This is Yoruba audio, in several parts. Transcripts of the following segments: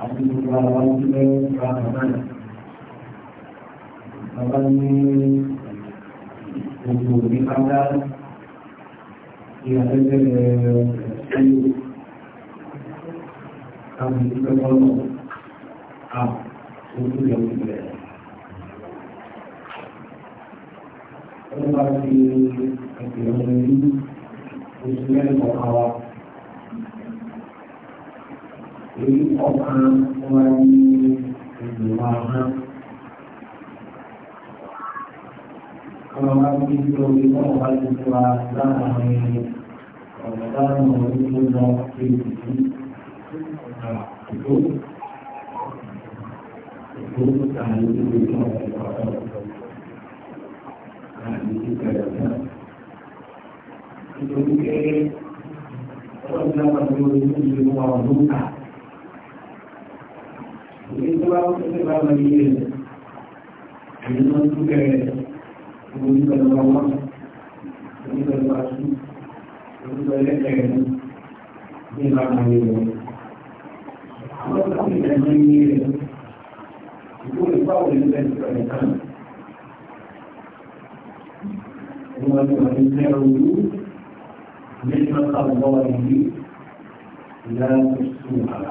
àti gbogbo àwọn ilé ìgbà bàbá rẹ̀. Bàbá ní gbogbo òní kájá ní àtẹ́gbẹ̀rẹ̀ ẹ̀yọ́ káwọn ìdúpẹ́ bọ́lọ̀ àwọn ojú rẹ̀ ń bẹ̀rẹ̀. Ó bá fi ẹgbẹ̀rún oṣù mẹ́rin kọ̀ọ̀kan wa. èyí ọ̀kan wọn ní ìgbìmọ̀ ọ̀hán. Ọmọ bá ti di orí náà wá ti tó a láàárín ọ̀gáàrùn orí tó lọ sí ìdí àdúgbò. Ìgbòho tàbí ìdílé náà ti wà lọ́wọ́. Àbí ti bẹ̀rẹ̀ náà. Nítorí pé ọlọ́dún náà wà lórí ìdílé wọn ọdún kan bá wọ́n tẹ́lẹ̀ bá wọ́n yé rẹ̀ èyí wọ́n tún bẹ̀rẹ̀ onígbàlọ́wọ́ wọn onígbàlọ́wọ́ aṣú onígbàlẹ́kẹ̀ rẹ̀ ní ìlànà yé rẹ̀ àwọn tó kún ìlànà yé rẹ̀ ìkó ìfá òun ní bẹ́ẹ̀ tó rẹ̀ kàn wọ́n ti wọ́n ti tẹ́ ojú nígbà kan lọ́wọ́ yìí ìlànà tó sùn àlà.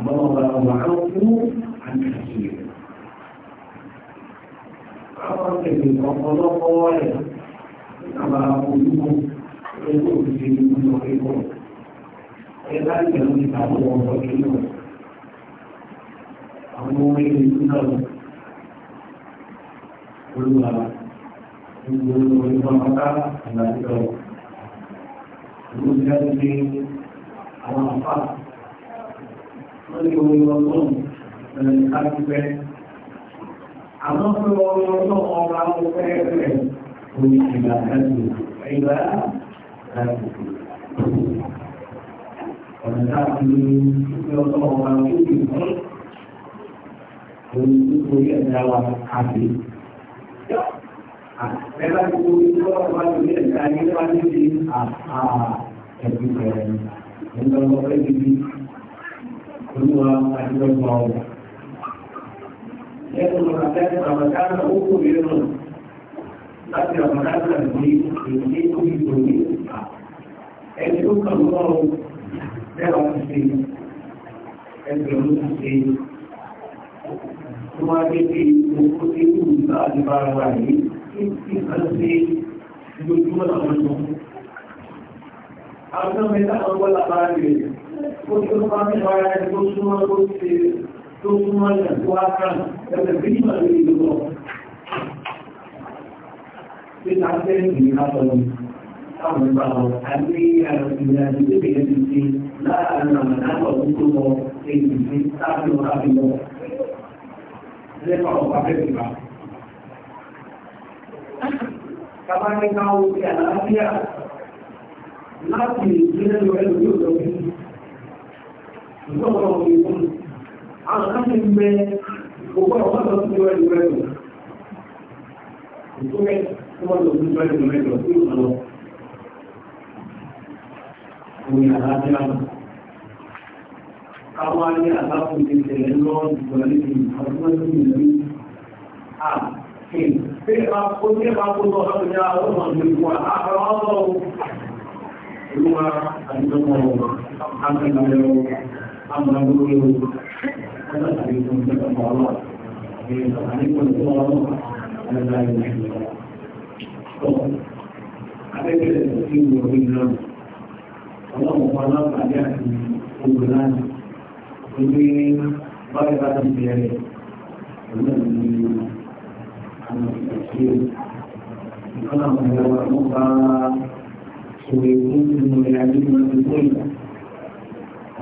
àmọ́nà ọba àwọn fún àkàṣe àwọn tẹ̀lé ọ̀pọ̀lọpọ̀ rẹ̀ àwọn olùkọ́ ẹgbẹ́ òṣìṣẹ́ ìlú ẹ̀kọ́ ẹgbẹ́ ìjẹun ní àwọn ọ̀rọ̀ ìlú àwọn ọmọ ilé ìlú náà olúwa gbogbo ìwọ̀n ọ̀tá àgbàdìjọ olùdarí àwọn àfáà wọ́n lè wọ́n lọ sọ́run ẹ̀rẹ̀ ká ti fẹ́. Àmọ́ pé wọ́n lọ sọ́run ọba wọn fẹ́ rẹ̀ kò ní ìgbà láti ìgbà láti ọ̀nà láti lọ sọ́run ọba wọn tó ti fún òun tó torí ẹ̀dá wa kàbí. Ẹgbẹ́ tí ó ń lọ́wọ́ wá lórí ẹ̀dá ní wá níbi àà ẹ̀dùn ẹ̀rẹ̀ ní lọ́wọ́ ẹ̀dùn olúwa àdúgbò ọ̀rọ̀. Ẹ̀sùn àtẹ́sù àmàkánà ó kò rí rọ̀ láti àmàkánà ní ìdílé tó ní ìdòwé. Ẹni tó kàn lọ́ mẹ́wàá ti ṣe ẹgbẹ̀rún ti ṣe. Tó máa dé bí owó tí ó ń bá àdìbára wà yìí, kí kan sí lójúmọ́ àwọn ọmọ. Àwọn ọmọ ẹ̀dá àwọn ọmọ làbára rẹ̀ porque o Flamengo vai de costuma acontecer, costuma atuar pela prima do ídolo. Se está sendo engraçado, estamos falando, a minha atividade de BNC, lá na Manapa, o Tumo, tem que ser estável rápido. Ele falou, para perguntar. Acabar de dar o que é a lápia, lápia, dinheiro é o que eu estou ìgbọ́n ọ̀rọ̀ ìgbọ́n àwọn kan ti gbẹ gbogbo ọ̀pọ̀ tó ti wẹ́ ìwẹ́ lọ ìgbẹ́ tó wọ́n lọ sí ìwẹ́ ìwẹ́ lọ sí ìwọ̀n òun àlàáfíà káwọn alé àlàáfù ti tẹ̀lé lọ́wọ́ ìgbọ̀n ní ìgbọ̀n ní ìlú à kí pé ó ní ẹ̀ka kó lọ ọ̀rọ̀ ìyá àti ìgbọ̀n àti amma dole ne wannan abin sun saka Allah ne tsakanin kun zuwa Allah na zai ne to abin da ke cikin wurin nan Allah mu fara ka ya ci kullun kullun ba ya da biyayya wannan ne amma shi kana mai wa mu ba su ne kun mun ya ji mun kullun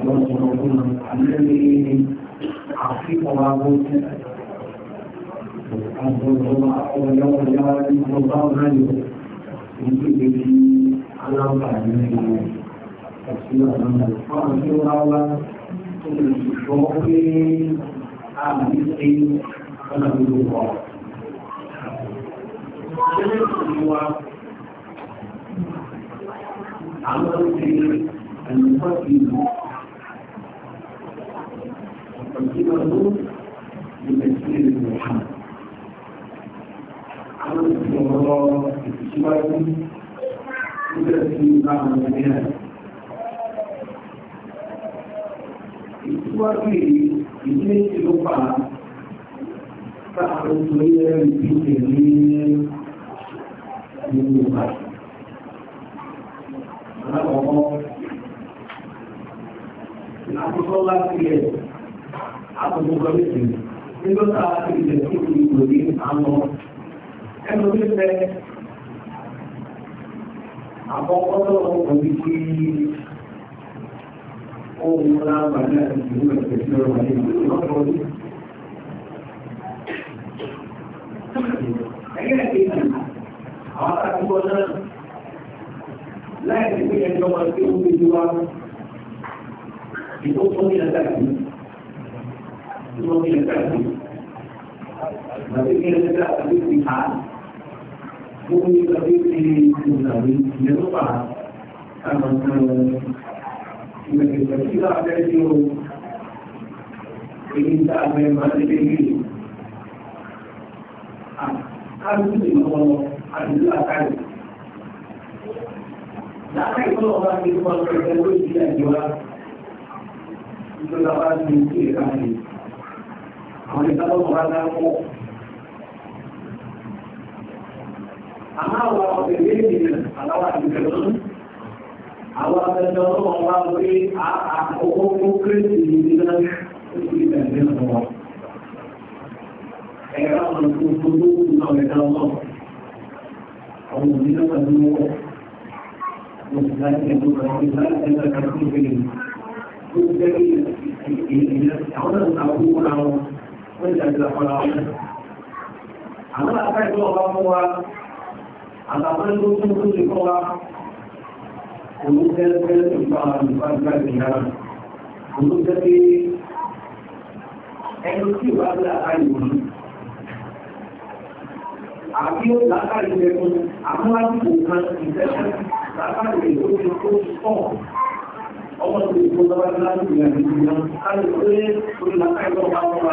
رجل الذي عصيب عبود عبد الله ولو جاء الله غني يجب على طعمه تفسير من الفرد والعلى كل الشوق عبد فنبذ الله عمل في المفاتيح وتقديمه لتسجيل المحمد عمل الله استشهاده قدرتي مع البيان ìtúwájú ìdílé tí ló pa sáàrùn tó yẹ ìpínlẹ̀ ní gbogbo àkókò gọ́ọ̀mẹ̀tì nígbà tá a ti lè fún ìlú ní àwọn ẹnu fífẹ́ àkọ́kọ́ tó ń kọ́ bí kí ohun lágbàdá àti ìlú ẹ̀fẹ́ tí ó wà ní ìlú lọ́pọ̀ ní. pé ẹjọ́ wọn tí ó ń gbé wá ìtọ́sọ́nì àtàkùn wọ́n fi ẹ̀ka ìlú. Bàbá ìgbẹ́ ẹ̀ka àti ti ha. Ó ń yí bàbá ìgbẹ́ ìgbàlè ìyẹn fà àwọn ìgbàlè ìgbàlè ìgbà abẹ́rẹ́ tí ó èyí ń dá abẹ́rẹ́ máa ń lé lé. Àkáàdùn ti mọ̀ àdúrà káyọ̀. Láàárín ìfọwọ́wá ni wọ́n ń pẹ̀lú ìdílé àjọ wa. Ìjọba wa ti ń kí ẹ̀ka nìyí àwọn ìgbàlọ́wọ́ bá dá pọ̀. Àmọ́ àwọn ọ̀pẹ̀lẹ̀ ènìyàn aláwà ìgbẹ̀lọ́rún, àwọn abẹ́jọ́ ọlọ́wọ́ wá wí àkókò fún kérésì ìdílé ìgbẹ̀lẹ́ ọ̀pọ̀. Ẹ̀rọ àwọn ìgbòkó tó kù náà ẹ̀dá ọlọ́wọ́. Àwọn òmìnira pẹ̀lú wọn. Mo ti láti ẹ̀dọ́ rẹ̀ sí láti ẹ̀dọ́ rẹ̀ sí ìgbẹ̀lẹ́. Ó ti jẹ́ ìrìn àwọn àwọn àwọn Àwọn àkáìtọ́ ọba mú wa, àtàkùn tó tún tó lè kọ́ wa, olùfẹ́lẹ́fẹ́ tó bá ìgbàgbà ìyára. Olùfẹ́ pé ẹni tí wà ní àkáìwò ní. Àbí ó lákàrí ẹkùn, àmúhàtìkò kan ìfẹ́fẹ́ lákàrí ìlú tó tó ọmọ tó ìfọ́nà wá láti ìrìnàjò ìrìnàjò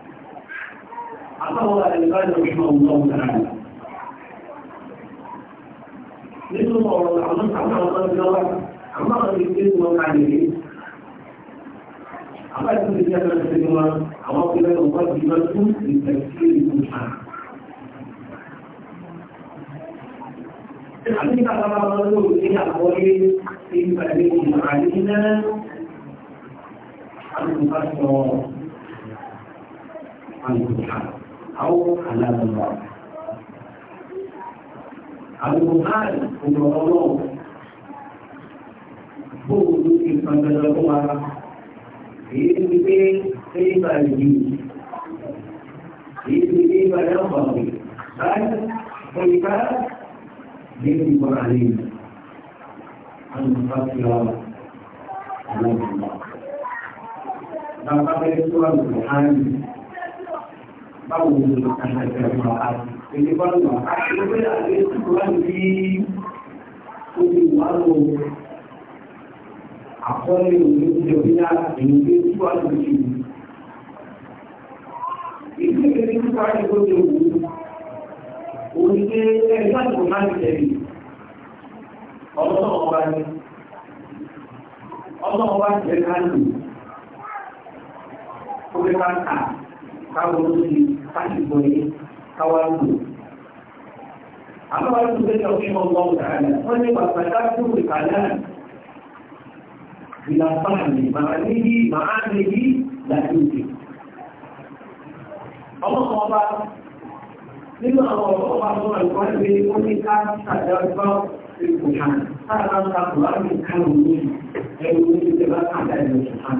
حفظ على العباد رحمه الله تعالى nínú ọ̀rọ̀ àwọn àwọn ọ̀dọ́wà àwọn ìgbé wọn káàlì rí àwọn ìgbé ìjẹ́ ẹ̀rọ sí wọn àwọn ọkùnrin ọgbọ́n ti lọ tún ìtẹ̀sí ìlú ṣá Àti ìgbàlára wọn ló ní àkọlé ìgbàlẹ̀ ìrànlẹ́ náà, àti ìbáṣọ àìkùnṣà. أو حلال الله القرآن هو الله bóòlù ìpàdánù wa èyí ti pé kéyìnbá yìí èyí ti kéyìnbá náà wà wí báyìí òyìnbá lè fi wọ́n àlè àlùfáà fi wà àlùfáà. Bàbá bẹ́ẹ̀ tó àlùfáà yìí báwo ni ìgbàgbọ́ àti ìgbàgbọ́ àti ìgbàgbọ́ àti ìgbàgbọ́ àti ìgbàgbọ́ àkọọ́lẹ̀ òní ìjọ bí i àìyíké tí wà ní ìṣù. Ìgbé kéré tí wà ní gbogbo òwú, òní ẹgbẹ́ àtìkò máa ń tẹ̀lé. Ọlọ́nà ọba ni. Ọlọ́nà ọba jẹ́ ká lò. Ó fẹ́ máa ń káwọn ó ṣe kásìkò yìí káwájú. Àwọn àti ìgbésẹ̀ òfin ọgbọ́n ìdára wọ́n ní pàtàkì tó ìkàlá ìlàpáàlì màá níbi màá níbi láti òkè. Ọmọ kan ọba nínú àwọn ọba tó wà lọ́wọ́ pé ó ní ká ṣàdájọ́ ipò hàn sáà máa ń ta kùrọ̀ àmì kárò ní ẹ̀rù ní ìjọba àdáyé oṣù hàn.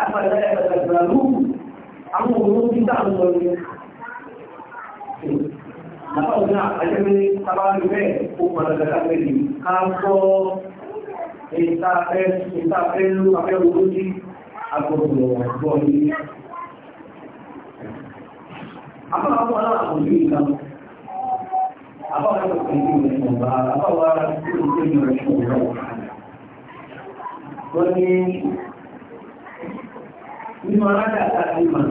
àpàlẹ́ ẹ̀rẹ̀gbẹ̀rẹ̀ àwọn òun tí dáa lọ ní Àpáwọn náà, àjẹ́mí tàbárí bẹ́ẹ̀ ó pàdàdà lábẹ́lì ká kọ́ ìtafẹ́ ló afẹ́ owó sí agbọ̀gbọ̀ ọ̀gbọ̀ ní. Àpáwọn náà kò ní ìkan. Àpáwọn náà kò ní ìrẹ̀ṣọ̀gbà, àpáwọn náà kò ní ìrẹ̀ṣọ̀gbà nínú aládà àti ìmọ̀.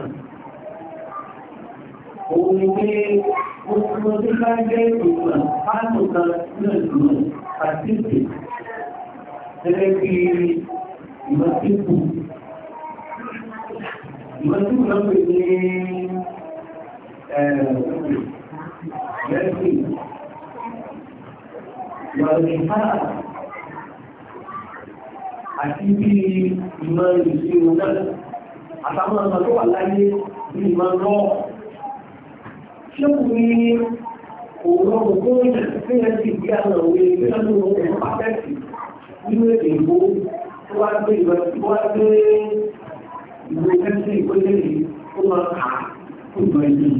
Òun ni pé oṣù tí bá jẹ́ ìmọ̀ pàtó kan náà ìmọ̀ àti ìpè. Gẹ́gẹ́ bí ìmọ̀ tí kù. Ìmọ̀ tí kù náà pè ní ẹ̀ẹ́dẹ̀ẹ́dẹ̀. náà àtàwọn ọmọ tó wà láyé bí ìmọ̀ lọ ṣé kò ní òun ọmọ tó ń fi ẹ sì bí àwọn òwe ìgbésàdó ọmọ pàtẹ́kì nínú èdè ìbò tó wá gbé ìwé kẹ́sì ìgbésẹ̀ yìí tó máa kà ó gbọ́ ìlú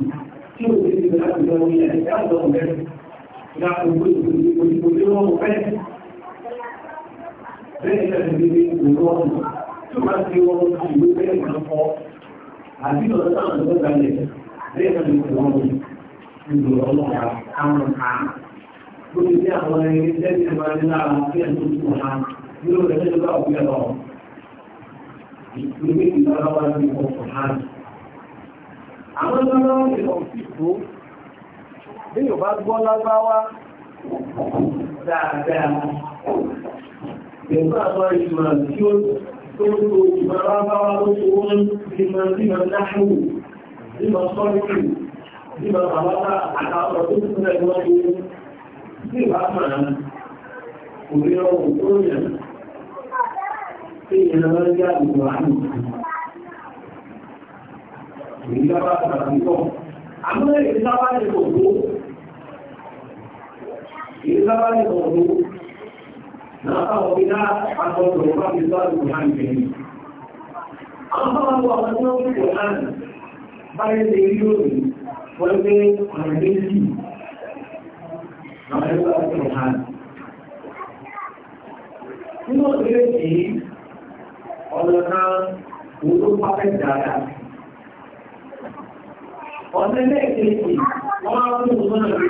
tí ó ti gbé láti lọ ní ẹ̀ka ọ̀dọ́ ọ̀rẹ́ ìyá òwe ìgbòdìgbòdì ọmọ fẹ́ bẹ́ẹ̀ ni ẹ̀sìn bíbí òun ọmọ Ìjọba ti máa ń fọ́. tí àwọn ẹni tẹ́lẹ̀ ti máa ń lára kí ẹ̀ tó tún wọn ní ó lẹ́lẹ́ lọ́wọ́ òkú ẹ̀rọ. كنت برابر رسول بما بما نحو بما صرف بما غلط على رسولنا الوحيد بما أمنا وبما وصولنا فينا من جاء محمد Ìjọba àtàkùnkọ́. Àmúlẹ̀ ìjọba ìgbòho. Ìjọba ìgbòho. نقر بنا عن القرآن الله القرآن الكريم أما هو أنه القرآن بل دليل ومن مجلسي نقر القرآن Nínú ìrẹ́ yìí, ọ̀nà kan wò ló pápẹ́ dáadáa. Ọ̀nà lẹ́ẹ̀kejì, wọ́n á mú ọmọ náà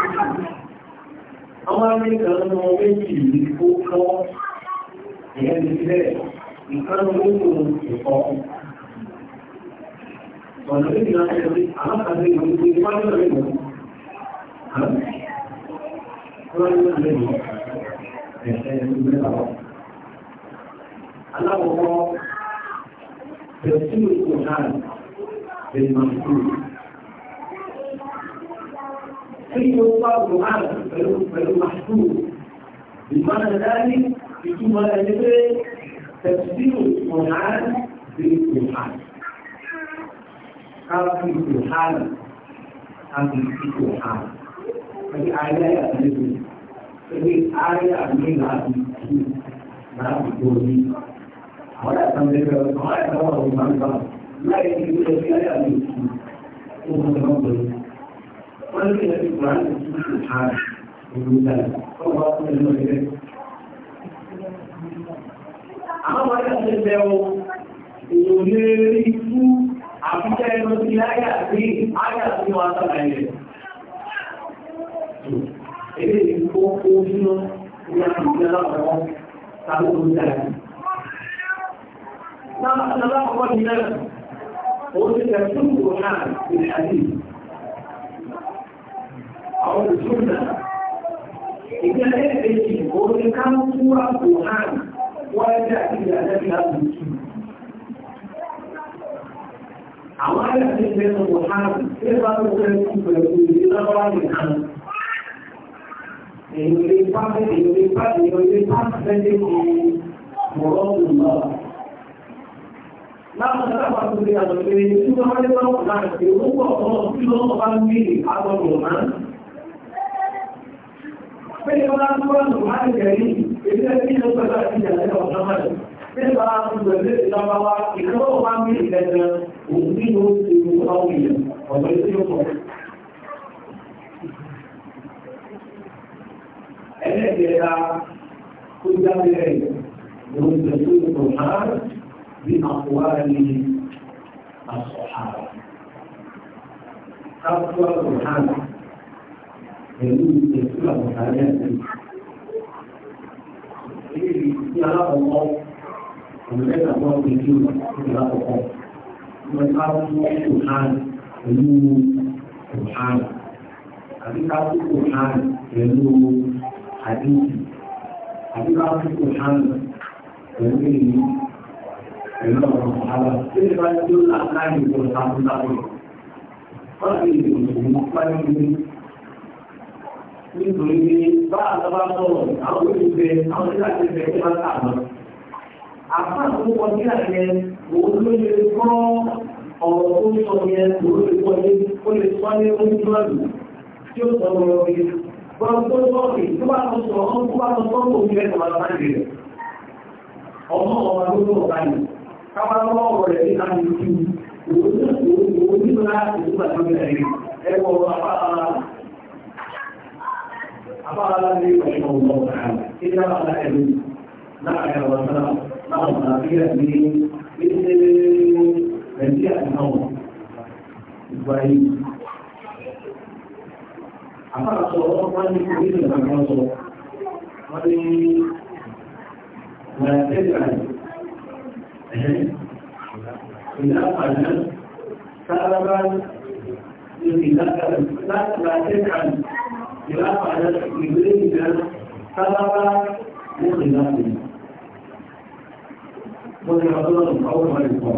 àwọn amẹ́ríkà ń mọ méjì ní kó kọ́ ìyẹn ti bẹ́ẹ̀ ìkan lóko ìkọ́ ọ̀nà méjì náà ṣe lórí alákàtà ìlú ní wájú rẹ̀ lọ Aláwọ̀wọ́ bẹ̀rẹ̀ sí ìkò náà bẹ̀rẹ̀ máa ń kúrò. كيف يصاب معانا فالمحسوب بمعنى ذلك يكون ولا يدري تفسير القرآن بالقرآن قال في القرآن أم في القرآن هذه آية أبنية هذه آية أبنية لا تقولي ولا تملك ولا تملك لا يملك شيئا من وهو wọ́n ní ẹni ìgbà ní ìtúkù ààrẹ ìlú ìdáyà tó wá fún ẹni ọ̀rẹ́ àwọn ọmọ ẹ̀ka ṣe bẹ̀ ọ èèyàn lè rí fún àfíjẹ́ ẹnu sí áyà sí áyà sí wọn sábà ilẹ̀ èdè ìfọ́ ojúná ní àfíjẹ́ alákọ̀ọ́ tàbí tó dára Náà, alákọ̀ọ́ ni náà, òun ti tẹ̀ fún ìwòrán ìrìn àdìsí àwọn òṣùnà ìgbẹ́lẹ̀ èjì orí káńtúrà kò hàn wọ́n jẹ́ àti ìrìnàjẹ́ ìlàbùsù àwọn àyàtí ìgbẹ́nu kò hàn tí bá ń wọ́n kú pẹ̀lú ìlọ́wọ́ nìkan èyí lè pàdé èyí lè pàdé èyí lè pàdé lè mọ̀rọ̀ lùmọ̀ láwọn sábà tó lè àwọn ìgbẹ́ tí wọ́n wáyé lọ́wọ́ láti ìwọ́pọ̀ ọ̀pọ̀ tí wọ́n bá ń gbé àgbọ̀gbọ̀ náà Pé bá ń kọ́ ọ̀nà máa ń gẹ̀rí, èdè ẹgbẹ́ ìlú pẹ̀lú àti ìjàlẹ̀ ọ̀sán mọ̀. Pé bá ń gbẹ̀lẹ́ ìjọba wa, ìkọ́wọ́ máa ń bí ìlẹ́gbẹ̀ òun nínú ìlú ọ̀wọ̀ ìyẹn, ọ̀gbẹ̀ tí ó pọ̀. Ẹlẹ́gbẹ̀ẹ́ra tó jáde rẹ̀ lórí ìjọba ìkọ̀ọ̀hán bí àkọwárí àṣọ̀hàn. Ká pẹ̀lú ìṣẹ́jú àwọn àárẹ̀ àti ìrírí tí alákọ̀ọ́kọ́ ọ̀rẹ́ta bọ́ ìjú alákọ̀ọ́kọ́ wọ́n ká fún ọ̀hán pẹ̀lú ọ̀hán àti ká fún ọ̀hán pẹ̀lú àdíjì àti ká fún ọ̀hán pẹ̀lú ìlú pẹ̀lú ọ̀rọ̀ ọ̀hán tí ó tí ó láàárín ìjọba tó lápò Wọ́n ti lè nítorí pé bá àtàbà sọ̀rọ̀ àwọn olùgbé àwọn ìlú àti ìgbẹ́ tó bá tà lọ. Àfáà tó wọ́n sí àyẹ òun ló lè gbọ́ ọ̀rọ̀ tó ń sọ yẹn òun lè gbọ́ ní ó lè sọ ní onídùúrọ̀lù tí ó sọ lọ bí. Bọ́lá tó sọ pé tó bá tó sọ ọ́n tó bá tó sọ kò ní ẹ̀sọ̀ máa báyìí rẹ̀. Ọmọ ọmọ ló lọ báyìí. Káwá lọ́wọ́ rẹ̀ ní قال النبي رحمه الله تعالى إذا قال أبي نعم يا رسول ما في أبي بإذن من جاء النوم إبراهيم أما رسول الله إيه؟ من يريد أن يرسل ولي ما تجعل إذا قال سلما لا تجعل ìlàpá ìwé ìgbà sábàbá lẹ́sìn láti wọ́n ni ọdún ọwọ́ wọn ìpọ̀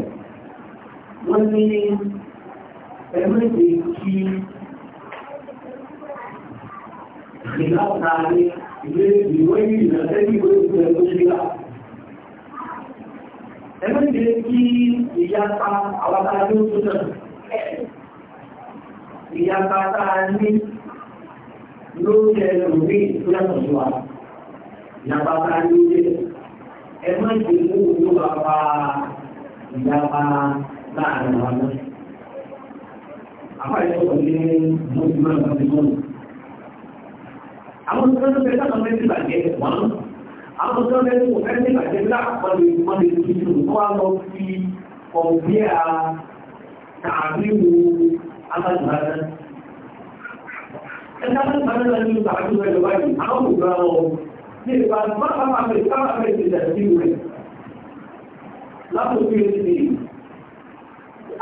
wọ́n ní ẹgbẹ́gbẹ́ kí ìlàpá ìwé ìwé ìgbà lẹ́yìn ìwé ìgbà tó ṣe lá ẹgbẹ́gbẹ́ kí ìyapa àwọn akáyọ́ tó náà ìyapa tá a ní lórí ẹlòmí ìtúyàtọ̀ sí wa ìyàpá ká ní ilé ẹ má ṣe mú ojú wa pa ìyàpá láàrin wa náà. àpáyé sọ̀rọ̀ ní àwọn tó àwọn tó láàpọ̀lù ìmọ̀lẹ̀ tuntun lọ tàbí wo ẹ̀dájú sáré lọ ní ìgbà àti ìwẹ̀lẹ̀ báyìí àwọn ògbà wọn ní ìgbà má bá máa fẹ́ sábà fẹ́ ìṣẹ̀lẹ̀ sí rẹ̀ látòkú yẹn sí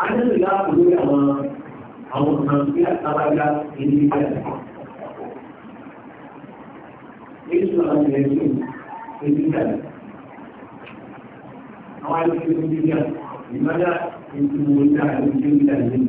àjẹsìlá olórí àwọn àwọn kan sí àtàlágá ìdí ìgbà èyí sọ àwọn ìyẹn sí ìdí ìgbà àwọn àti ìdí ìgbà ìgbàdá ìdí ìgbà ìdí ìgbà ìdí ìgbà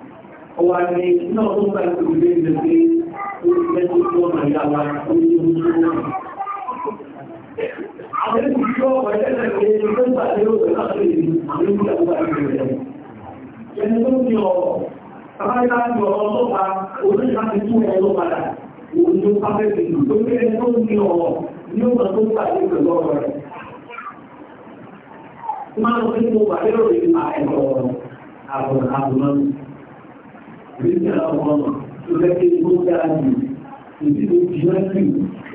ọwọ́ ni náà tó bá ìpòlè ilẹ̀ pé ó ti mẹ́tò tó ọmọ ìyá Àwọn ẹ̀sìn tí ó wọ̀ ẹ̀lẹ́sẹ̀ pé tó gbà lérò ní àwọn tó bá ìpòlè rẹ̀. ọ̀rọ̀, rẹ̀. Máa ń fi mo gbà lérò rẹ̀ nípa àbùrọ̀ àbùrọ̀ ìgbésẹ̀ láwọn ọmọ tó lẹ́kẹ́ tó dáa jù ìdí tó jìnà sí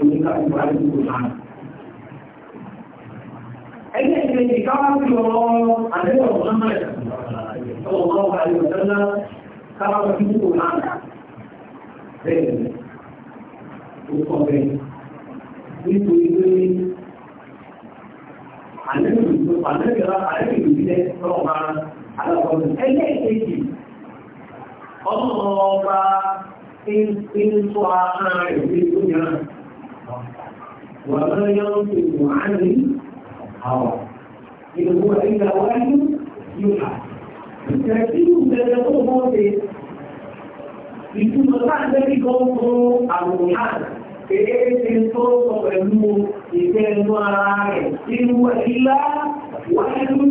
oníkàtúwà ìdúkò náà. Ẹgbẹ́ ìgbésẹ̀ káwá sí ọ̀rọ̀ àdéhùn ọ̀rọ̀ náà ọ̀rọ̀ ọ̀rọ̀ àdéhùn náà káwá sí ìdúkò náà. Bẹ́ẹ̀ ni, ó kọ́ ọdún ọba tí ń tó ara rẹ̀ ní ìgbóyà wà lọ́yọ́ ti wà ní àwọ̀ ìgbò ìgbà wáyé yóò hà ìtẹ̀sí ìgbẹ̀rẹ̀ tó mọ́ ṣe ìtumọ̀ láti rí gbogbo àwòrán Èé tó sọ pẹ̀lú ìfẹ́ ẹnu ara rẹ̀ tí wọ́n wáyé lóyún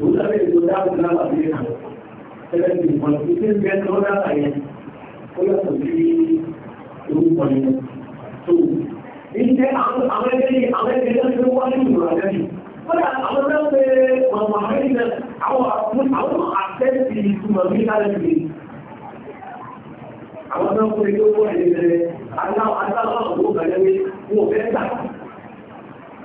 òun náà lè tó dáàbò náà wà ní ìlànà tẹ́lẹ̀ tí ìpọ̀n tó ti ń bẹ́ tó dáàbà yẹn ó yàtọ̀ sí orúkọ yẹn tó iṣẹ́ àwọn ẹgbẹ́ àwọn ẹgbẹ́ yẹn tó wá ní ìlú àjẹ́ yìí kódà àwọn náà pé ọmọ àmẹ́rin náà àwọn àtẹ́sí ìtumọ̀ ní kálẹ̀sì àwọn náà pé ó wọ́n ẹ̀yẹ aláwọ̀ aláwọ̀ àwọn òbẹ̀rẹ̀ wọ́n fẹ́ gbà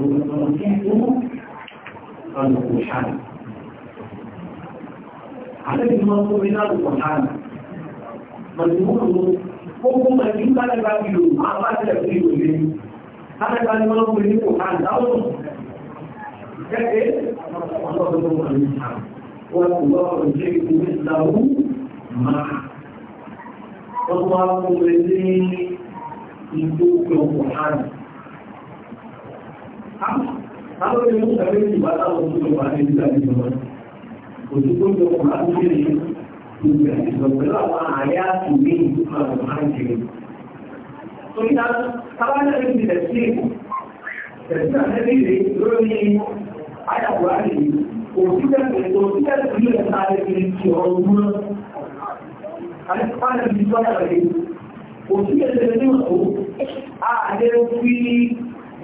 القرآن على المنظور من القرآن مضمونه hukum lagi pada bagi apa tidak perlu ini ada kali mau beli Tuhan tahu jadi Allah berfirman Allah menjadi mislahu ma Allah memberi itu ke Tuhan Àwọn ilé ìṣẹ̀lẹ̀ ìgbà láwọn òṣèlú wà ní ìlú àdìsọ́mọ́. tó kọ̀ láti ní ìlú àdìsọ́mọ́ àwọn ààrẹ àti ìwé ìdúkọ̀ àwọn náà, tábàlá ní ìbílẹ̀ sí ẹ̀sìn àtẹ́lẹ́lẹ́ lórí àyàwó àyè òṣìṣẹ́ ìlú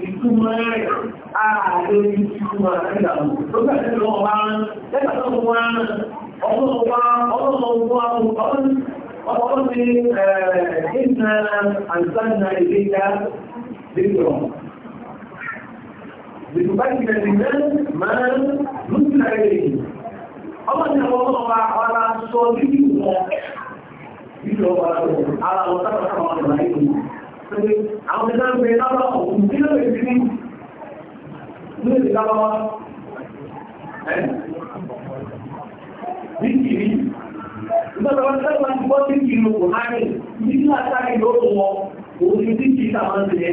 ìtumọ̀ rẹ̀ ààrẹ ìtumọ̀ Ọmọ ọmọ àwọn ẹ̀dá ń bẹ lábá òkú tí ló lè fi ní ní èdè lábá wá ní kìrí ìgbọ́ta wọn tẹ́lá ti gbọ́ sí kìrí òkú láàrin ní kí látàrí ló tó wọ òun ní tí kìí tàbá ń tẹ̀yẹ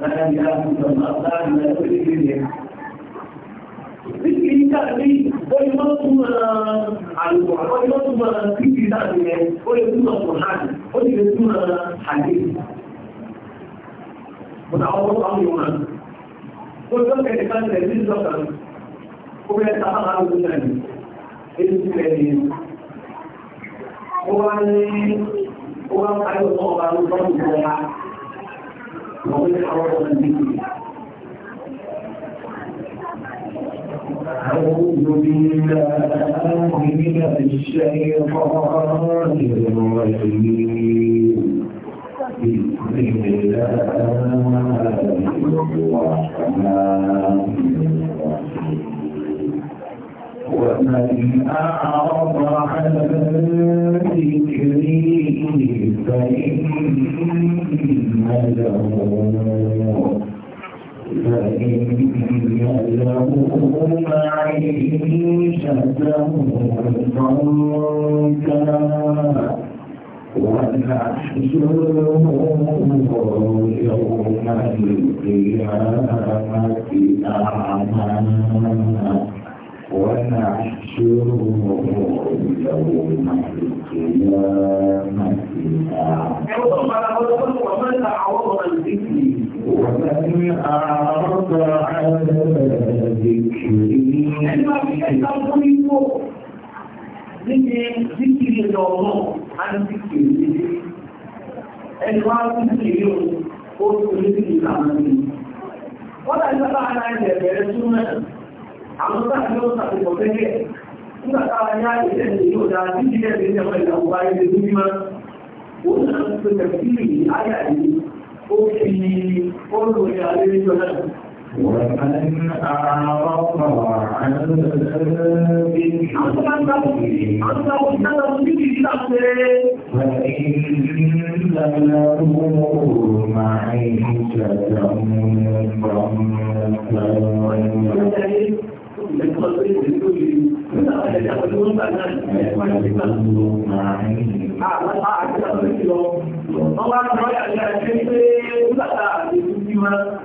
láàrin àbúrò láàrin ẹgbẹ́ ìgbẹ́ Títí ìtàrí bóyí mọ́ túnmọ̀ àlùkò àkọ́jú mọ́ túnmọ̀ títí ìtàrí ẹ̀ ó lè túnmọ̀ kùnhàn ó lè túnmọ̀ àdéhùn ọ̀nà àwọn ọmọ ìwọ̀n ó tó kẹ́lẹ̀ kan tẹ̀lé ní ìjọkan ó bẹ́ẹ̀ ta máa ń gbọ́nà ní èyí ti rẹ̀ ní ó wá ní ó wá ń káyọ̀ tó ọba ló bá ń gbọ́ wa lọ́wọ́ ní àwọn ọmọ ní ìlú أعوذ بالله من الشيطان الرجيم بسم الله الرحمن ومن أعرض عن ذكري فإن له فإن له معيشة ضنكا ونحشره يوم القيامة أعمى ونحشره يوم القيامة أعمى ومن أعرض عن ذكري níbi díkìrì lọ́wọ́ alìsíkìrì níbi ẹni wá díkìrì ó tóbi díkìrì làwọn ní wọ́n tàbí sábà ara ẹ̀jẹ̀ bẹ̀rẹ̀ súnmọ́ àwọn sáà ló sàkókò tẹ́lẹ̀ nígbà táwa ní àìsẹ̀ ní yóò dáa díkìrì ẹ̀jẹ̀ ní ọmọ ìlàwọ̀ ayé lè ní mímọ́ òun náà ń pè pẹ̀lú ìrìn ayà yìí ó fi ó lòyìn àlejò náà ومن أعرض عن ذكري فإن له معيشة ضنكا Àwọn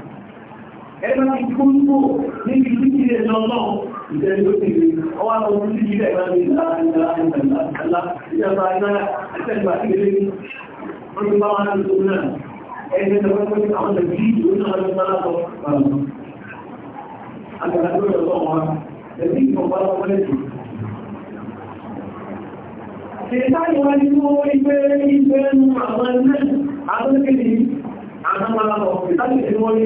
ẹgbẹ́ ti kú ń bò níbi títí lè lọ náà ìjẹ́lú ti rí ọwá lọ sí ilẹ̀ ìgbàlẹ̀ ìjọba ìjọba ìjọba ìjọba Ẹgbẹ́ ìjọba ìjọba àwọn ìjọba ìjọba ìjọba ìjọba Àgbàlagbà ọ̀rọ̀ wọn, ẹ̀bí ìfọ̀pá ọmọ ẹ̀sùn. Ṣètáyé wá ní mú ìgbé ìgbé ẹnu àwọn ẹgbẹ́ àwọn ẹgbẹ́ ìgbé àwọn ọmọ ọ̀pẹ̀ láti ẹ̀wọ́n ní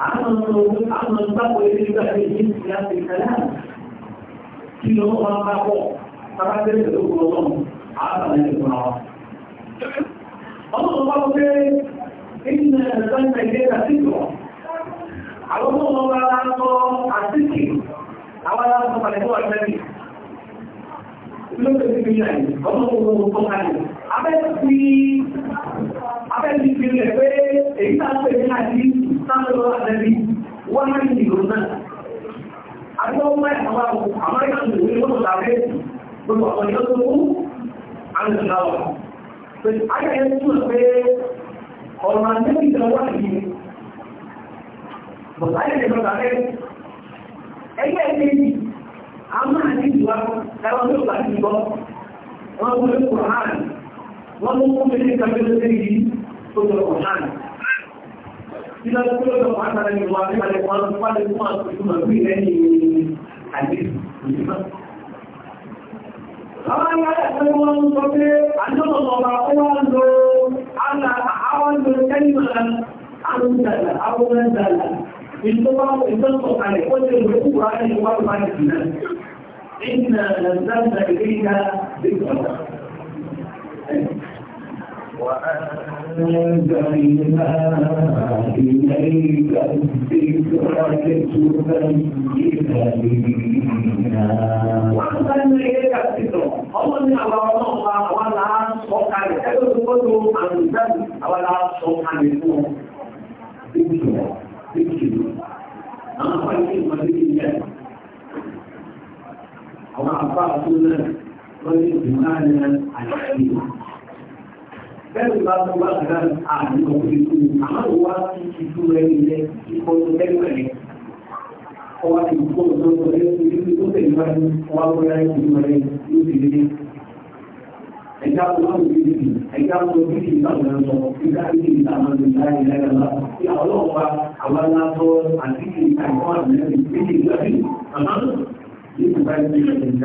عمل الوجود عمل الباب الذي يبقى في سياق الكلام كيلو ما بقى ترى ذلك الوجود عمل الوجود الله الله في إن الإنسان إليك فكرة على الله على الفكر على الله هو النبي lókè ti fi ní ọlọ́pọ̀lọpọ̀ tó kàlẹ̀. Abẹ́ ti fi ilẹ̀ pé èyí tàbí ní àdínkù sáńdọ̀ wọ́n máa ń dìbò náà. Àgbọ̀n ní ìwà Wọ́n mú ẹkùn hàn. Wọ́n mú kúmẹ́lẹ́ kàbẹ́lẹ́ Kita perlu berpasangan dengan Allah pada orang pada semua cuma bila ini hadis. Kalau ada semua seperti anda Allah awan tu, anda awan tu kalimat anda jalan, awan jalan. Itu apa? Itu sokan. Kau jadi berkurang yang kau pandai. Inna nazzalna وأنزلنا إليك الذكر لتبين للناس وأنزلنا إليك الذكر الله من أبرنا الله ولا صوكا لكي تقولوا أنزل ولا صوكا لكم ذكر ذكر أنا أقول لكم ذكر أو أعطاء سنة ولكن بمعنى الحديث bẹ́ẹ̀ bá tó bá gbà àmì òfin àmọ́ wá sí ìtú ẹni lẹ ikọ̀ tó lẹ́gbẹ̀ẹ́ rẹ̀ ọwọ́ ti kó tó tó lé ní tó tẹ̀lé wá ní ọwọ́ tó ìlú rẹ̀ ló ti lé ẹ̀dá tó wá ní bíbí ẹ̀dá tó bíbí ìbáwọ̀ lọ ìdá bíbí ìtàmọ́ ní láyé lọ sí àwọn ọ̀pá àwọn aláàtọ̀ àti ìtàkọ́ àmì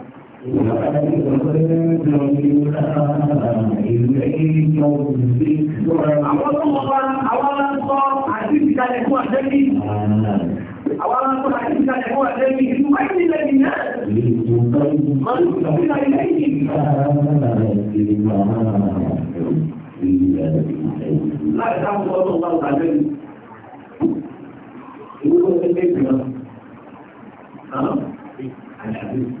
ولقد كنتم إليكم ذكرا àwọn tó mọ̀ wọn àwọn àwọn aláǹkọ́ àti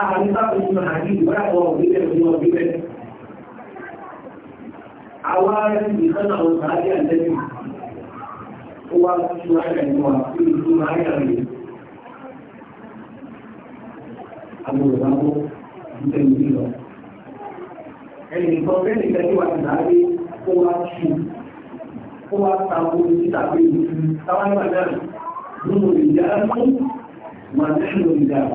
àmàlítàkùn nínú àdíjù báyàwó òbílẹ̀ nínú ọbílẹ̀ àwọn ìsọ́nà ọ̀sán àti àjẹ́bì ó wá sí wáyà ìlú àti ìlú máyà rẹ̀ agbóòdáwó ìgbẹ́ ìlú lọ ẹni kan fẹ́ lè tẹ́lẹ̀ wà láàárín ó wá sí ó wá tàbí títàbí ìlú táwọn ìgbà náà nínú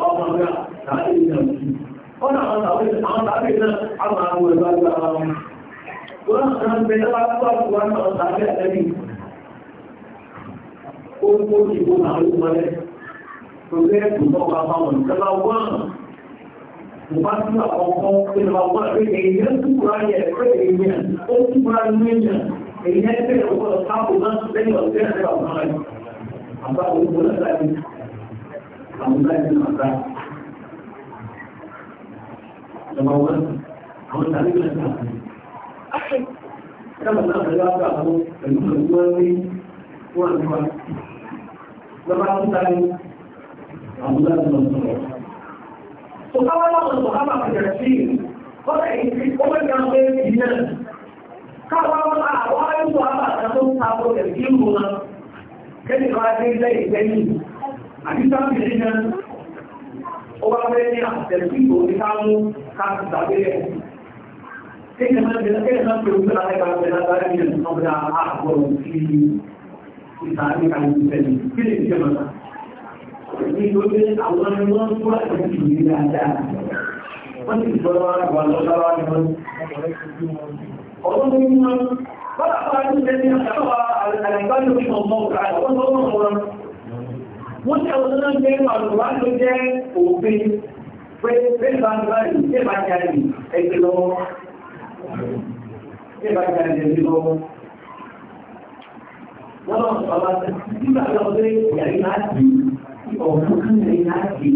ọmọ ọ̀gá tàbí ìjọ ọ̀nà àwọn àwọn àwọn tàbí náà àwọn àwọn ẹ̀bá gba ara wọn wọ́n náà ń bẹ lọ́wọ́ tó àkùwá náà tàbí àtẹ́bí ó ń kó ìbò náà ló wọlé tó lé ẹ̀kùn náà wà bá wọn ìjọba wọn mo bá tún àkọ́kọ́ ìjọba wọn pé èyí ń túbúra yẹ pé èyí ó ń túbúra ní èyí èyí ń bẹ̀rẹ̀ ọgbọ́n sáàpù náà lẹ́yìn ọ̀sẹ̀ ẹ̀rọ àwọn àgbà òun àwọn wọn, àwọn tàbí ìgbà ìgbà àbàtà tó ń ta ọkọ̀ ẹ̀kí ìlú wọn. Kẹ́lì kan á dé ilé àti sáàbìrì náà ó bá fẹ́ ní àtẹ̀lẹ́sí ìbò ní káàmú káàkiri sàbẹ̀rẹ̀ kéèyàn máa ń bẹ̀rẹ̀ kéèyàn máa ń pèrò sí láti káàkiri lágbára ní ẹ̀sùn náà bẹ̀rẹ̀ àgbọ̀rọ̀ sí ìsàárín kàlùkù tẹ̀lé kí lè jẹ́ mọ́ta nítorí àwọn ẹni wọ́n tó àti ìlú dáadáa wọ́n ti sọ̀rọ̀ àwọn àlọ́sáwá ni wọ́n ọlọ́run ní wọn bá wọ́n ní àwọn ọ̀nà jẹ́ àlùwá ló jẹ́ òfin pé pẹ́lú ẹgbẹ́ lọ́wọ́ tẹ́ ẹgbẹ́ lọ́wọ́ wọ́n lọ sọ wá sí nígbà lọ pé ìyàrí máa di ọ̀hún kan lè máa di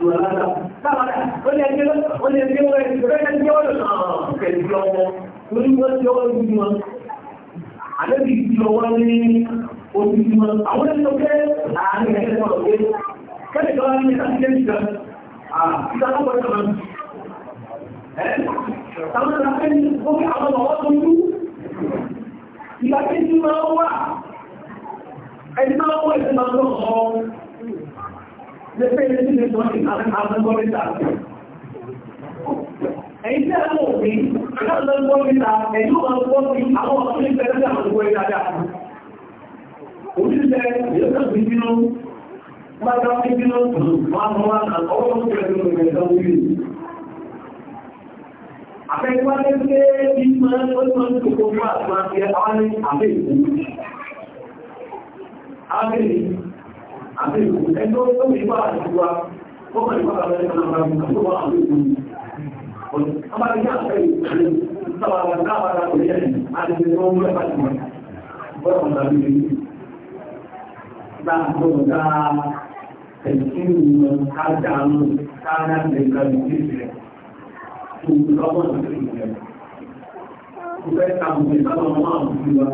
ìrọ̀lára táwọn ó lè gbé ó lè gbé wọ́n ẹ̀sìn rẹ̀ ní ọ̀rọ̀ náà pẹ̀lú ọwọ́ torí òtìtìmọ̀ àwọn ẹni pé kẹ́lẹ̀ kan ní ìtàkìlẹ̀ ìjọ máa wà ẹni máa wọ́ ẹ̀sẹ̀ máa lọ́ ọ̀ lẹ́fẹ́ ilé tí lè tọ́jú àgbẹ̀gbọ́mítà ẹ̀yìn tí a mọ̀ òfin àgbẹ̀gbọ́mítà ẹ̀yìn ó máa gbọ́ sí àwọn ọ̀tọ̀ ìfẹ́ sílẹ̀ yóò tó fi bínú pátá fi bínú máa mọ́ àkọ́kọ́ tó fẹ́ lórí rẹ̀ lọ wí. Àfẹ́gbálẹ́ pé bí máa ń lọ́nà tó kó fún àtúnwá sí àwọn ní àfẹ́ ìlú. Àfẹ́ ìlú, àfẹ́ ìlú, ẹgbẹ́ ó tó ìgbà àtúwá, ó mọ̀ ìgbà àbẹ́rẹ́ kan àbára àtúwá àfẹ́ ìlú. Àbájá àfẹ́ ìlú, sábàbà káàbàrà òyìn àti ìgbẹ̀rẹ̀ ọmọ ẹ̀bá ìgbẹ̀rẹ̀ ọmọ ẹ̀bá ìgbẹ̀rẹ̀ láàtọ̀dá ẹ̀sìn àdánù sára nìkan ìdíjẹ̀ tó lọ́wọ́ ìrìnlẹ̀. Ó fẹ́ tàbí ìtàwọn máa ń fi wa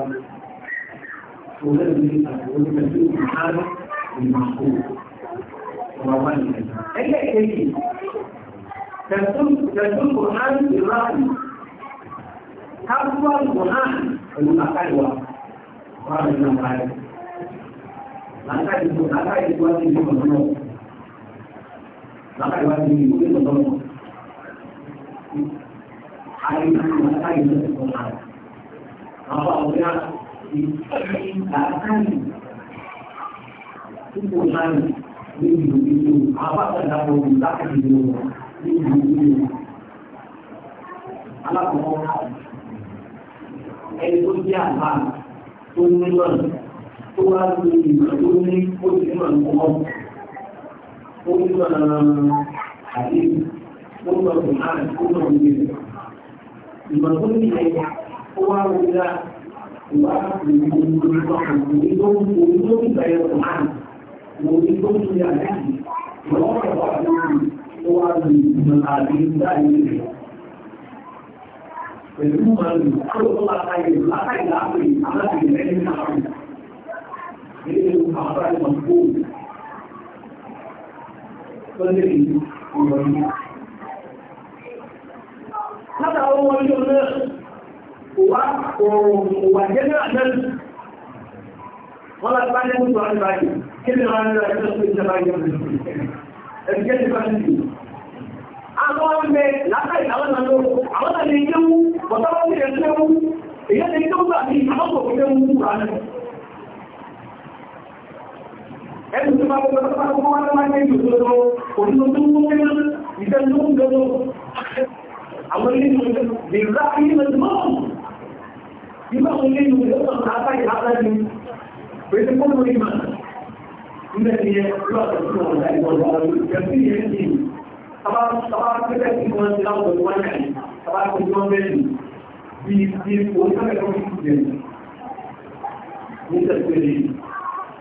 tó lẹ́rìí àti orílẹ̀-èdè ìrìnlẹ̀ ìmọ̀kó ọmọ wá ìrìnlẹ̀. Ẹgbẹ́ kejì, tẹ̀sùn kò náà ń fi ráàlì, káàkiri kò náà pẹ̀lú àkàlùwà, wà nínú àkàlùwà làákàyè alákọ̀ọ́ ẹni tó jẹ́ àbá tó ní lọ́nà tó wá ní ìgbà ní ó ti ní máa àdé ó máa bùn á ó máa ń gbé ìgbà tó ní ìyẹn ó wá wọ ìlà ìwà ìgbòmìnira ọkùnrin tó ń borí tó ń pẹ̀lú màlúù kó tó láta ìlú láta ìlú àpè àmàlù ìrẹ́lẹ́ náà nínú àwọn àmọ́kùn tó lè rí ọ̀rọ̀ yìí. Látàwọn ọmọ ilé ọ̀nà òwà òòrùn òwà jẹ́ náà mẹ́rin. Wọ́n láti bá ní ọdún àwọn ìbáyìí, kí ni wọ́n rẹ̀ ẹ̀sẹ̀ tó ìjọba yóò rí ẹ̀sẹ̀ tó bá ní Àwọn ọmọ látàrí àwọn ọmọ àwọn ọmọ ilé wú, bọ̀tọ́ wọ́n ní ẹ̀sẹ̀ wú, èyí ẹ̀sẹ̀ tó gbà ní àwọn ọmọ ilé wú rà náà ẹni tó bá gbogbo tó bá gbogbo wọn lọ́wọ́ ní ìlú tó tó òdúró tó kú ní ìfẹ́ ló ń gbogbo àwọn ilé ìlú lè rá ni pèsè kó lórí mà nígbà tí yẹ ló àtọ̀tún wọn láì wọn lọ́wọ́ ìjọsí yẹn ti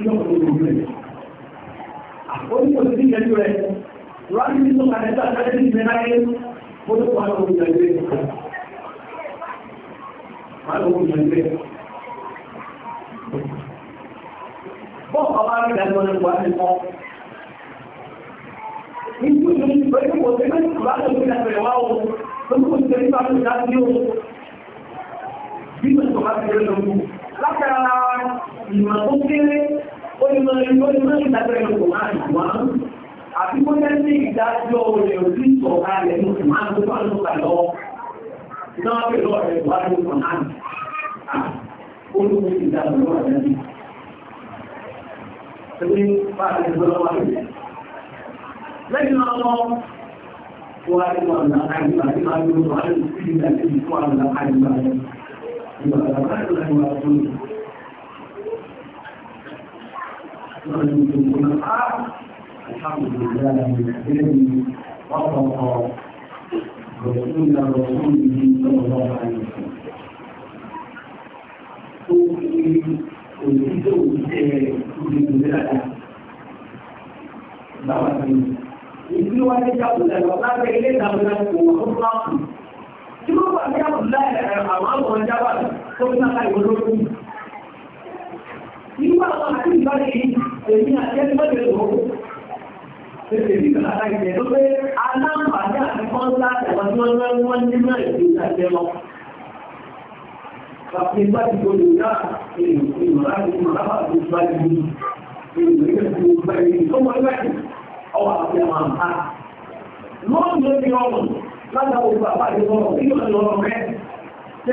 Bọ́ọ̀kọ̀ bá rí ìdájọ́ nípa ẹ̀kọ́. Nítorí pẹ̀lú òṣèré láti orí ẹgbẹ̀rẹ̀ wá ohun, tó kó ṣe nípa tó dá sí ohun. Bí mẹ́sàn-án bá ti rẹ̀ lọ́wọ́, lápẹ́ ara ìmọ̀ tó kéré ìmọ̀ ìmọ̀ ìmọ̀ ìdájọ́ ẹ̀rọ kò máa yìí wá. Àti kó jẹ́ sí ìdájọ́ rẹ̀ òsì sọ̀ kalẹ̀ ní kò máa tó bá ń lọ́kà lọ. Náà pè lọ rẹ̀ wá ní kò máa yìí. Olúwo ti dájọ́ lọ́wọ́ rẹ̀ ní. Ṣé bá a lè gbọ́ lọ́wọ́ rẹ̀? Lẹ́yìn náà lọ, wọ́n á ní wọn náà àyè àti máa yọ wọn á lè fi ìdájọ́ ìfọ́ àwọn àyè àyè. Ìgbà الحمد àwọn àwọn jábà tó ń èmi àjẹ́gbẹ́gbẹ́ lòó Èdè nígbà láti jẹ́ tó pé aláǹfààní àti kọ́ńtà ẹ̀wọ̀n tí wọ́n rẹ́ wọ́n ní náà ìlú ìdájẹ́ lọ. Bàbí bá ti gbogbo ìdá èèyàn ìmọ̀lá ti mọ̀ lábà tó bá ti mú. Èèyàn ìgbẹ́ ti mú bá èèyàn tó mọ̀ ẹgbẹ́ ọwọ́ àti àwọn àmà. Lọ́ọ̀nù ló fi ọrùn látàwọn gbogbo àbájẹ́ sọ̀rọ̀ nínú ìlọ́rọ̀ rẹ̀. Ṣé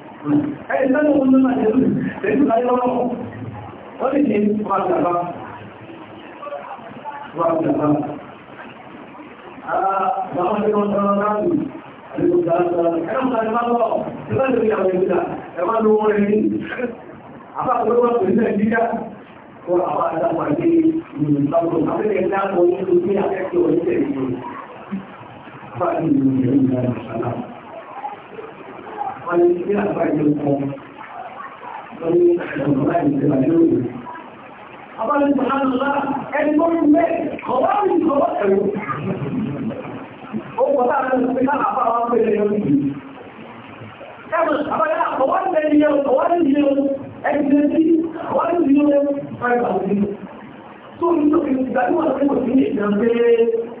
ẹni tẹ́lú ọmọ náà jẹ́ lẹ́tù láyé lọ́wọ́ wọ́n lè ṣe wàgbàbá wàgbàbá àwọn ọmọdé wọn tọrọ láàrù àdúgbò dáadáa ẹ̀rọ ìgbà ìgbà lọ́wọ́ ìgbà lórí àwọn ìgbà ẹ̀wà ló wọ́n rẹ̀ ní àbáwọ̀ wọn pè ní nàìjíríà kó àwọn àdàpọ̀ ní ìlú wọ́n ní sí àbájọ kan wọ́n ní ọ̀rọ̀ láì ìjọba lóòrè. Abájọ Mùhàmmá ẹni tó ń bẹ́ ọ̀wá mi kọ́ ẹ̀rọ. Ó pọ̀ láàrin òfin náà àbá wa pẹ̀lẹ́ yọ sí. Ẹ̀rọ àbájọ ọ̀wá ń bẹ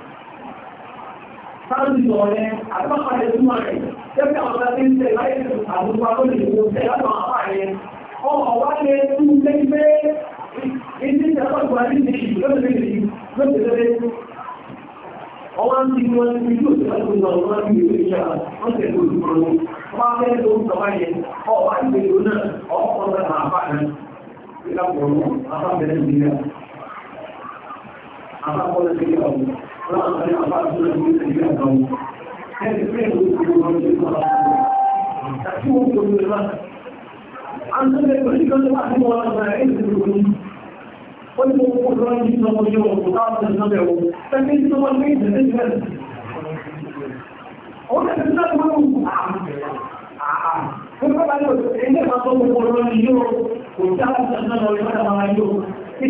sáàrùsọ àwọn tẹ̀lé olùkọ́rọ̀ wọ́n fẹ́ tó ń sọ̀rọ̀ yẹn ọwá ìgbèrò náà ọkọ̀ náà àpá rẹ̀ ìlàpọ̀ àpá bẹ̀rẹ̀ ìgbéra àpá bọ́lẹ̀ ìgbéra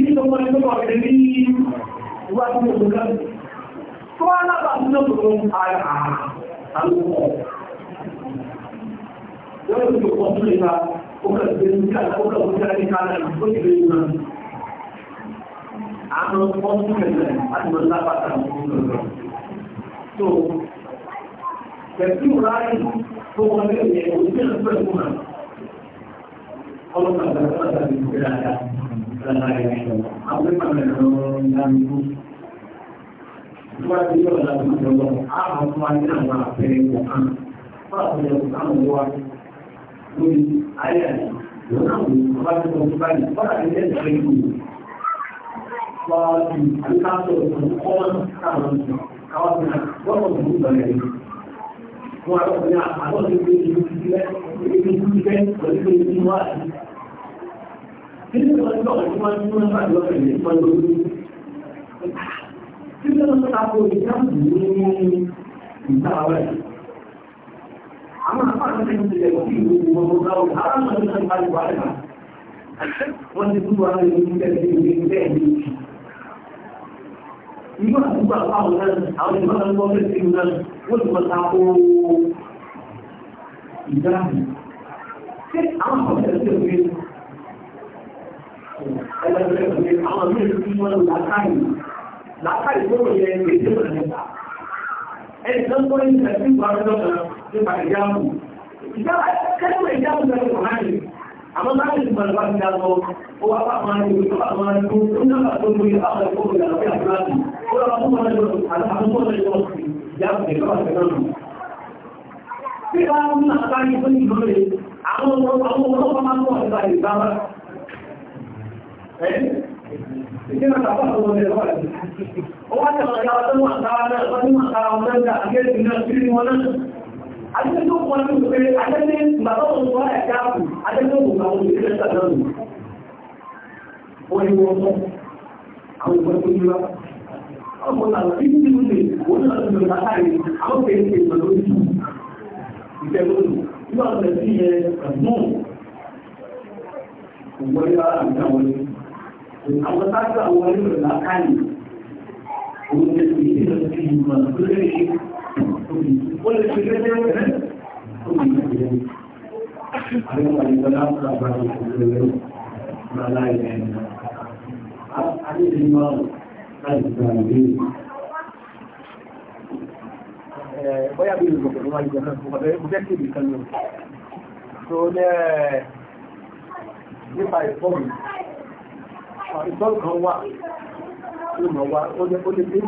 Ìjọba ìjọba ọ̀rẹ́ ní ìwádìí òkúta lókùnrin ara àlùkọ́. Wọ́n yóò fi ọkọ̀ tó lè ra ọkọ̀ ìgbé ní ká ọkọ̀ òkúta ní ká náà ó sì lè rán. Àwọn ọmọ tó kẹ̀lẹ̀ láti mọ̀ lábàtà So, pẹ̀lú ráyì tó wọ́n lé ẹ̀yẹ òṣìṣẹ́ ìfẹ́ ìfúnà. Ọlọ́pàá ìgbàlódé ìgbàlódé ìgbàlódé ìgbàlódé ìgbàlódé ìgbàlódé ìgbàlódé síwájú yóò lọ sí ìjọba àwọn tó wáyé àwọn àpẹẹrẹ kọ̀ọ̀kan fáwọn ọ̀dọ́ àwọn ọ̀dọ́ wa lórí ayé àyè lọ́nà àwọn ọba tó wọ́n ti báyìí fọ́nà ní ẹ̀sìn rẹ̀ kù. Fọ́ọ̀tì àbíkáṣọ ìfọ̀n kọ́mọ́n káwọn sọ káwọn sọ gbọ́dọ̀ tó ń bẹ̀rẹ̀ rẹ̀. Wọ́n á lọ́kùnrin àwọn tó ti fi ti bẹ́ ibi tí bẹ́ pẹ̀lú pé ibi wá sí. Kí ni ìwọ́n ti bọ̀ wọ́n ti wọ́n ti wọ́n bá lọ́kùnrin tí Àwọn àpáàkì ti ń tilẹ̀ sí ìlú gbogbo ọ̀gáwò, àwọn ọmọ ìlú ti parí wà lẹ́nà. Wọ́n ti tún wà ní ìlú bẹ́ẹ̀ ní ìlú bẹ́ẹ̀ ní ìlú. Ìlú àdúgbò àpáwọn náà, àwọn ìlú náà ń gbọ́ bẹ́ẹ̀ sí ìlú náà, wọ́n ti lọ tako ìdáàbò. Ṣé àwọn àpáàkì ti ń tilẹ̀ sí làákàrí tí ó ń kọ́ ní ẹ̀sìn ìgbà ọjọ́ kan nípa ìjáàmù ìjáàmù kẹ́lẹ́mù ìjáàmù lẹ́nu kò náà ní àwọn láti ìgbà lọ́wọ́ ti dáná ó wá bá máa ń lò ó bá máa ń lò ó ní ọ̀pá tó ń lò ó àwọn ẹ̀kọ́ ìgbà lọ́wọ́ àti ó lọ́wọ́ tó máa ń lò àwọn tó máa ń lò ìjáàmù ìjọba ìjọba Bí a ń máa bá ní fún ìlú rẹ̀, àwọn ọmọ ọmọ ọmọ máa ń pọ̀ ìjọba tàbí àwọn ọmọdé wà sí mọ́, àwọn sáàtì àwọn onílò làákàyè òun ti fi ìdílé ti ìmọ̀ tó lè ṣe ó lè ṣe gẹ́gẹ́ rẹ̀ ó lè ṣe gẹ́gẹ́ rẹ̀ àwọn àyíká láti àbá ìṣòro rẹ̀ máa láì ẹ̀yìn àdéhùn máa láì gba ìbéèrè bóyá bí ìrìnlẹ̀ pẹ̀lú wáyé jẹ́ mẹ́rin mo fẹ́ kí ìbìkan ní ọ̀sán tó lẹ́ nípa ìfọ́ọ̀mù àìsàn wà ó lè dé